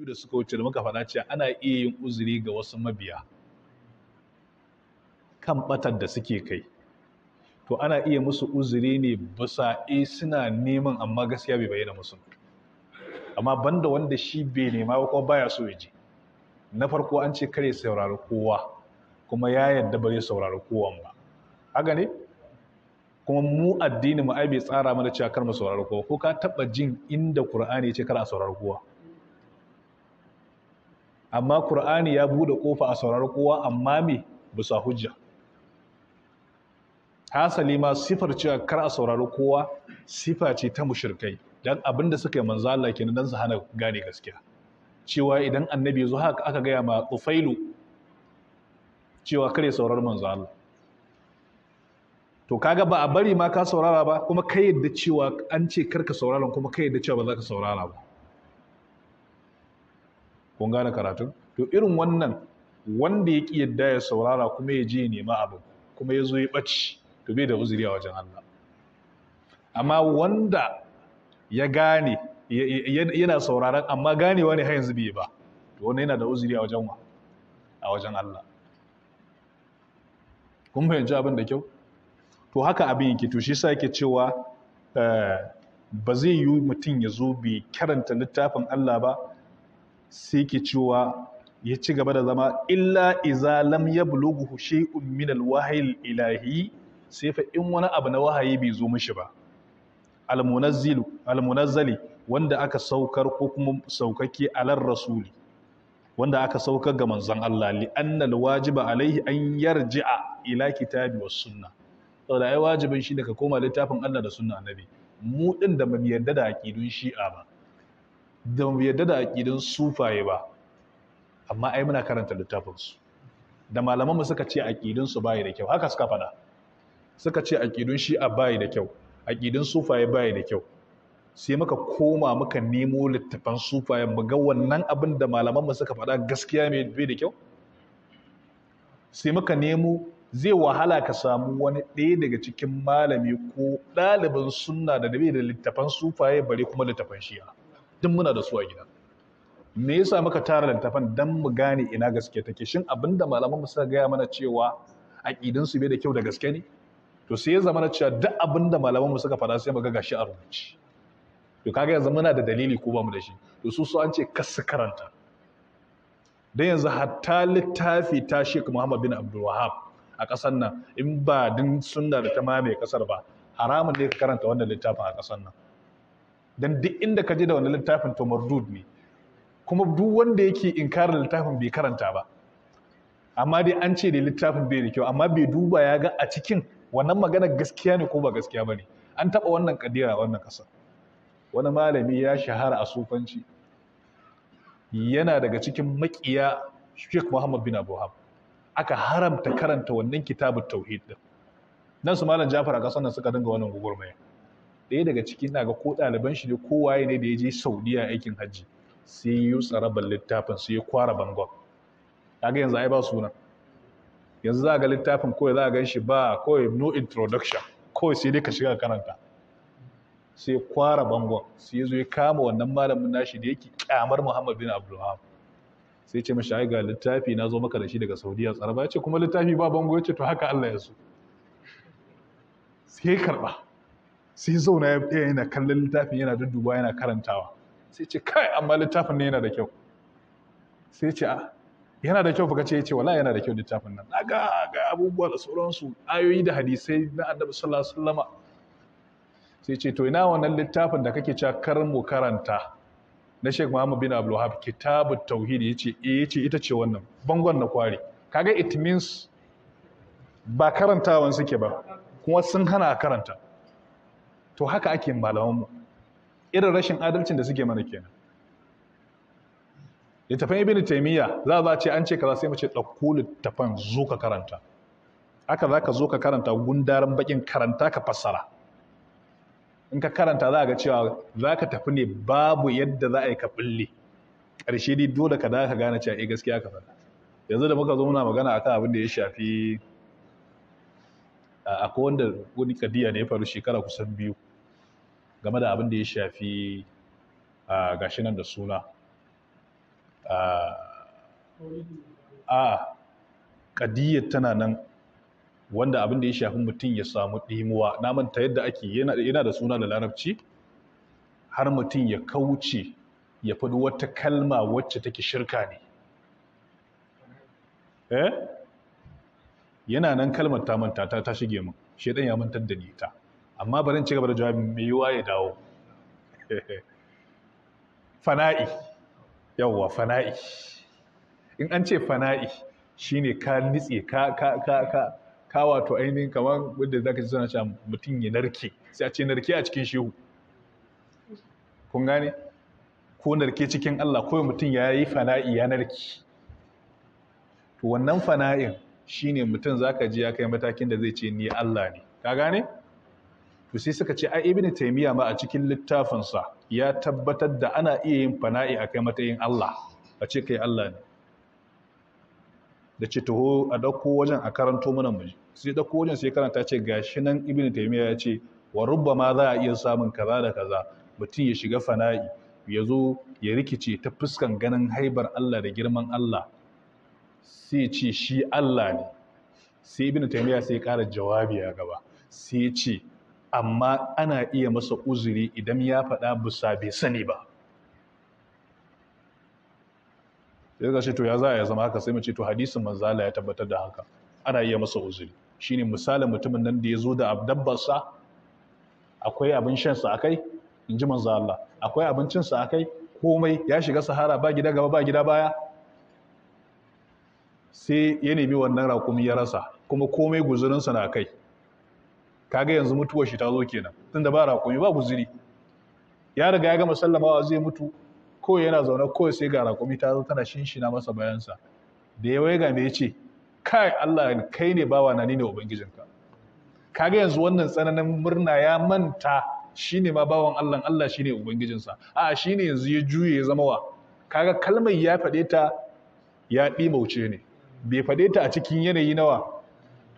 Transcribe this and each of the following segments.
biyu da suka wuce da muka faɗa cewa ana iya yin uzuri ga wasu mabiya kan batar da suke kai to ana iya musu uzuri ne bisa e suna neman amma gaskiya bai bayyana musu amma banda wanda shi bai nema ba kuma baya so ya je. na farko an ce kare saurari kowa kuma ya yarda ba zai saurari kowa ba haka ne kuma mu addini mu ai bai tsara mana cewa kar mu saurari kowa ko ka taba jin inda Qur'ani ya ce kar a saurari kowa amma Kur'ani ya bude kofa a saurar kowa amma me bisa hujja hasali ma sifar cewa kar a saurari kowa sifa ce ta mushirkai, abin abinda suka yi manzo Allah kenan su hana gane gaskiya cewa idan annabi zo haka aka gaya ma Tufailu cewa kare saurari manzo to kaga ba a bari ma ka saurara ba kuma kai yadda cewa an ce karka sauraron kuma kai yadda cewa ba za ka saurara ba kun gane karatun to irin wannan wanda ya ki yadda ya saurara kuma ya je ya nema abin kuma ya zo ya ɓaci to bai da uzuri a wajen Allah amma wanda ya gane yana sauraron amma ganewa ne har yanzu bai ba to wannan yana da uzuri a wajen a wajen Allah kun fahimci abin da kyau to haka abin yake to shi sa yake cewa eh, ba zai yi mutum ya zo bai karanta littafin Allah ba sai ke cewa ya ci gaba da zama illa iza lam bulogu hushe min wahayi ilahi sai fa in wani abu na wahayi bai zo mishi ba almunazzilu almunazzali wanda aka saukar ko kuma saukake alar rasuli wanda aka saukar ga manzon Allah li annal wajiba alaihi an yarji'a ila kitabi was sunna da ai wajibin shi ka koma littafin Allah da sunna annabi mu din da mu yarda da aqidun shi'a ba da mu yadda da aƙidun sufaye ba amma ai muna karanta littafinsu da malamanmu suka ce aƙidunsu bayi da kyau haka suka faɗa suka ce shi shi'a bayi da kyau aƙidun sufaye bayi da kyau sai muka koma muka nemo littafan sufaye mu ga wannan abin da malamanmu suka faɗa gaskiya mai bai da kyau sai muka nemo zai wahala ka samu wani ɗaya daga cikin malami ko ɗalibin sunna da bai da littafan sufaye bare kuma littafan shi'a duk muna da su a gida me yasa muka tara littafan dan mu gane ina gaske take shin abinda malaman mu suka gaya mana cewa aqidan su bai da kyau da gaske ne to sai ya zama na cewa duk abinda malaman mu suka faɗa sai ga gashi a rubuce to kaga yanzu muna da dalili ko ba mu da shi to su su an ce ka su karanta dan yanzu hatta littafi ta Sheikh Muhammad bin Abdul Wahhab a ƙasar nan in ba din sunna da ta mamaye ƙasar ba haramun ne ka karanta wannan littafin a ƙasar nan dan duk inda ka je da wani littafin to mardud ne kuma duk wanda yake inkarar littafin bai karanta ba amma dai an ce da littafin bai da kyau amma bai duba ya ga a cikin wannan magana gaskiya ne ko ba gaskiya ba ne an taɓa wannan kadira wannan ƙasa wani malami ya shahara a sufanci yana daga cikin makiya Sheikh Muhammad bin Abu aka haramta karanta wannan kitabun tauhid din nan su malam Jafar a ƙasar nan suka dinga wannan gugurmaya ɗaya daga ciki na ga ko ɗaliban shi ne ko waye ne da ya je saudiya aikin hajji sai yi tsaraban littafin su ya kwara bangon ga yanzu a yi ba suna yanzu za ga littafin kawai za a gan shi ba kawai no introduction kawai sai dai ka shiga karanta sai kwara bangon sai ya zo ya kama wannan malamin nashi da yake kyamar muhammad bin abdulham sai ce mashi ga littafi na zo maka da shi daga saudiya tsaraba ya ce kuma littafi ba bango ya ce to haka allah ya so sai karɓa. sai zauna ya tsaya yana kallon littafin yana dudduba yana karantawa sai ce kai amma littafin ne yana da kyau sai ce a ah, yana da kyau ce ya ce wala yana da kyau littafin nan Na ga abubuwa da sauransu ayoyi da hadisai na annabi sallallahu alaihi sai ce to ina wannan littafin da kake cewa mu karanta na Sheikh Muhammad bin Abdul Wahab Tauhidi tauhid yace eh yace ita ce wannan bangon na kware kaga it means ba karantawan suke ba kuma sun hana karanta to haka ake mu. irin rashin adalcin da suke mana kenan littafin ibn taymiya za a ce an ce kaza sai mu ce ɗauko littafin zo ka karanta haka za ka zo ka karanta gundaren bakin karanta ka fassara in ka karanta za ga cewa za ka tafi ne babu yadda za a yi ka bulle ƙarshe dai dole ka da ka gane cewa eh gaskiya ka faɗa yanzu da muka zo muna magana akan abin da ya shafi akwai wanda wani kadiya ne ya faru shekara kusan biyu game da abin da ya shafi gashi nan da suna a ƙadiyyar tana nan wanda abin da ya shafi mutum ya samu ɗimuwa na yadda ake yana da suna da larabci har mutum ya kauce ya faɗi wata kalma wacce take shirka ne eh? yana nan kalmar ta manta ta shige min shaidan ya mantar da ni ta. amma barin ci gaba da jawabi mai yiwuwa ya dawo fana'i yawwa fana'i in an ce fana'i shine ka nitse ka ka ka ka ka wato ainihin kamar wanda zaka ji suna cewa mutum ya narke sai a ce narke a cikin shehu kun gane ko narke cikin Allah ko mutum ya yi fana'i ya narke to wannan fana'in shine mutum zaka ji ya kai matakin da zai ce ni Allah ne ka gane to suka ce ai ibnu taymiya ma a cikin littafinsa ya tabbatar da ana iya yin fana'i akai matayin Allah a ce kai Allah ne da ce taho a dauko wajen a karanto mana muji sai dauko wajen sai karanta ce gashi nan ibnu taymiya ya ce wa rubbama za a iya samun kaza da kaza mutum ya shiga fana'i ya zo ya rikice ta fuskan ganin haibar Allah da girman Allah sai ce shi Allah ne sai ibnu taymiya sai ya kara jawabi a gaba sai ce amma ana iya masa uzuri idan ya faɗa busa bai sani ba sai ga ce to ya za a ya zama haka sai mace to hadisin manzala ya tabbatar da haka ana iya masa uzuri Shi ne misalin mutumin nan da ya zo da dabbarsa akwai abin shansa a kai in ji Manzala. Allah akwai abincinsa a kai komai ya shiga sahara ba gida gaba ba gida baya sai ya nemi wannan raƙumi ya rasa kuma komai guzurinsa na kai kaga yanzu mutuwar shi ta zo kenan tunda ba raƙumi ba guziri ya riga ya gama sallamawa zai mutu ko yana zaune ko sai ga raƙumi ta zo tana shinshina masa bayansa da ya waiga me yace kai Allah kai ne bawa na ni ne ubangijinka kaga yanzu wannan tsananin murna ya manta shine ma bawan Allah Allah shine ubangijinsa a shine yanzu ya juye ya zama wa kaga kalmar ya fade ta ya ɗimauce ne bai fade ta a cikin yanayi nawa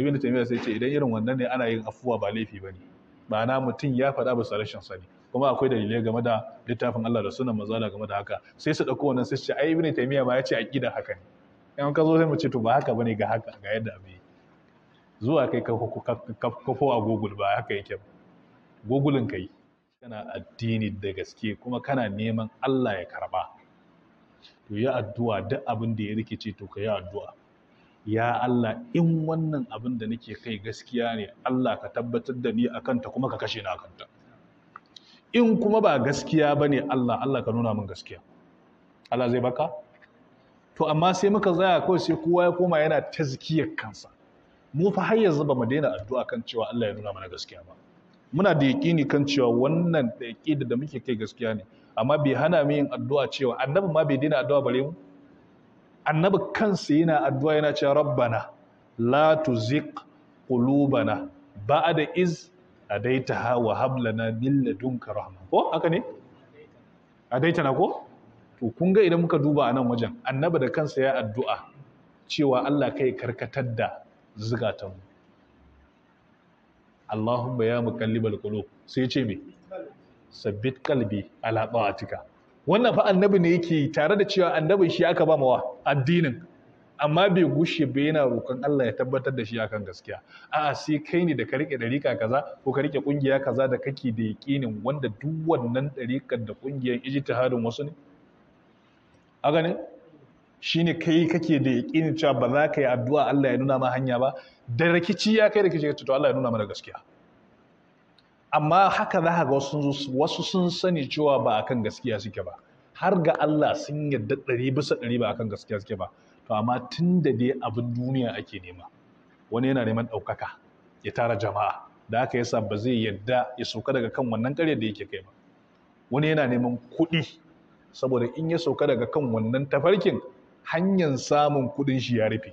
ibn taymiya sai ce idan irin wannan ne ana yin afuwa ba laifi bane ma'ana mutum ya faɗa ba su rashin sani kuma akwai dalilai game da littafin Allah da sunan manzo game da haka sai su dauko wannan sai su ce ai ibn taymiya ba ya ce aqida haka ne in ka zo sai mu ce to ba haka bane ga haka ga yadda abin zuwa kai kafo a google ba haka yake ba google kai kana addini da gaske kuma kana neman Allah ya karba to yi addu'a duk abin da ya rikice to ka yi addu'a ya Allah in wannan abin da nake kai gaskiya ne Allah ka tabbatar da ni akanta kuma ka kashe ni akanta in kuma ba gaskiya bane Allah Allah ka nuna min gaskiya Allah zai baka to amma sai muka tsaya kawai sai kowa ya koma yana tazkiyar kansa mu fa har yanzu ba mu daina addu'a kan cewa Allah ya nuna mana gaskiya ba muna da yaƙini kan cewa wannan da da muke kai gaskiya ne amma bai hana mu yin addu'a cewa annabi ma bai daina addu'a bare mu annabi kansa yana addu'a yana cewa rabbana la tuzigh qulubana ba'da iz adaitaha wa hab lana min dunka rahma ko haka ne adaitana ko to kun ga idan muka duba a nan wajen annabi da kansa ya addu'a cewa Allah kai karkatar da zukatanmu Allahumma ya muqallibal qulub sai ce me sabbit qalbi ala ta'atika wannan fa annabi ne yake tare da cewa annabin shi aka ba mawa addinin amma bai gushe ba yana roƙon Allah ya tabbatar da shi akan gaskiya a'a sai kai ne da ka rike dariƙa kaza ko ka rike kungiya kaza da kake da yaƙinin wanda duk wannan dariƙar da kungiyar ijtihadin wasu ne a Shi shine kai kake da yaƙinin cewa ba za ka yi addu'a Allah ya nuna ma hanya ba da rikici ya kai rikici to Allah ya nuna mana gaskiya amma haka za a ga wasu sun sani cewa ba a kan gaskiya suke ba har ga Allah sun yadda ɗari bisa ɗari ba a kan gaskiya suke ba to amma tun da dai abin duniya ake nema wani yana neman ɗaukaka ya tara jama'a da aka yasa ba zai yadda ya sauka daga kan wannan ƙarya da yake kai ba wani yana neman kuɗi saboda in ya sauka daga kan wannan tafarkin hanyar samun kuɗin shi ya rufe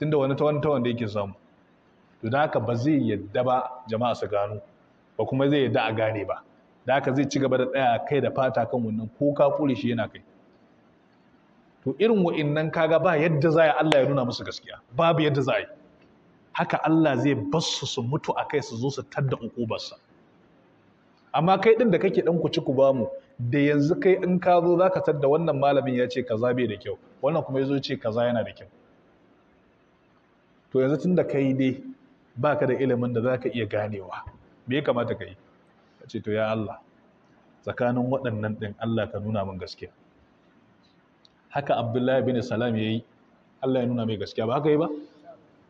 tunda wani tawan tawan da yake samu to da haka ba zai yadda ba jama'a su gano ba kuma zai yadda a gane ba da haka zai ci gaba da tsaya kai da fata kan wannan ko ka kure shi yana kai to irin wa'innan kaga ba yadda za a Allah ya nuna musu gaskiya babu yadda za yi haka Allah zai basu su mutu a kai su zo su tadda ukubarsa amma kai ɗin da kake dan kuci ku bamu da yanzu kai in ka zo zaka tadda wannan malamin ya ce kaza bai da kyau wannan kuma yazo ce kaza yana da kyau to yanzu tun tunda kai dai baka da ilimin da zaka iya ganewa me ya kamata ka yi a ce to ya Allah tsakanin waɗannan ɗin Allah ka nuna min gaskiya haka Abdullahi bin Salam ya yi Allah ya nuna mai gaskiya ba haka yi ba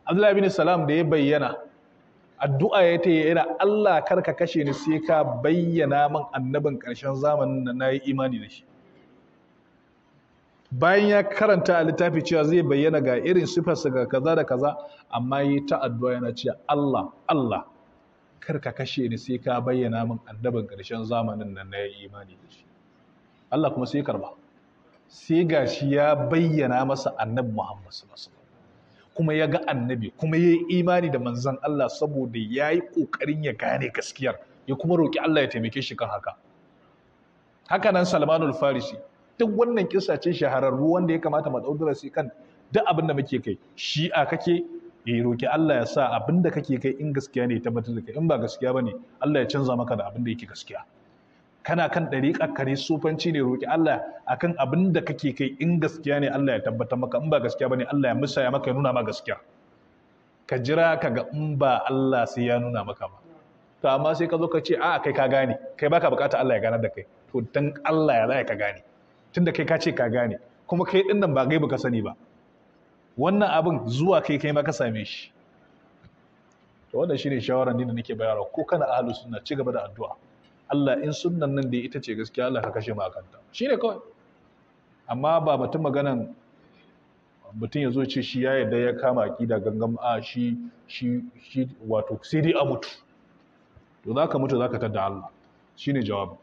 Abdullahi bin Salam da ya bayyana addu'a ya ta yi ira Allah karka kashe ni sai ka bayyana min annabin ƙarshen zamanin na, na yi imani da shi bayan ya karanta a littafi cewa zai bayyana ga irin siffarsa ga kaza da kaza amma yi ta addu'a yana cewa Allah Allah kar ka kashe ni sai ka bayyana min annabin ƙarshen zamanin nan na yi imani da shi Allah kuma sai karba sai gashi ya bayyana masa annabi Muhammad sallallahu alaihi kuma ya ga annabi kuma yayi imani da manzon Allah saboda yayi yi ya gane gaskiyar ya kuma roki Allah ya taimake shi kan haka haka nan Salmanul Farisi duk wannan kisa ce shahararru wanda ya kamata mu daura sai kan duk abin da muke kai shi'a kake yi eh, roƙi Allah ya sa abin da kake kai in gaskiya ne tabbatar da kai in ba gaskiya ba ne, Allah ya canza maka da abin da yake gaskiya kana kan ɗari ka ne sufanci ne roƙi Allah kan abin da kake kai in gaskiya ne Allah ya tabbatar maka in ba gaskiya ba ne, Allah ya musaya maka ya nuna ma gaskiya ka jira ka ga in ba Allah sai ya nuna maka ba to amma sai ka zo ka ce a kai ka gane kai baka bukata Allah ya gane da kai to dan Allah ya za ka gane tunda kai ka ce ka gane kuma kai din nan ba gaibu ka sani ba wannan abin zuwa kai kai maka same shi to wannan shine shawaran din da nake bayarwa ko kana ahlu sunna ci gaba da addu'a Allah in sunnan nan da ita ce gaskiya Allah ka kashe mu akan ta shine kawai amma ba mutum maganan mutum ya zo ce shi ya yarda ya kama akida gangan a shi shi shi wato sai dai a mutu to zaka mutu zaka tada Allah shine jawabin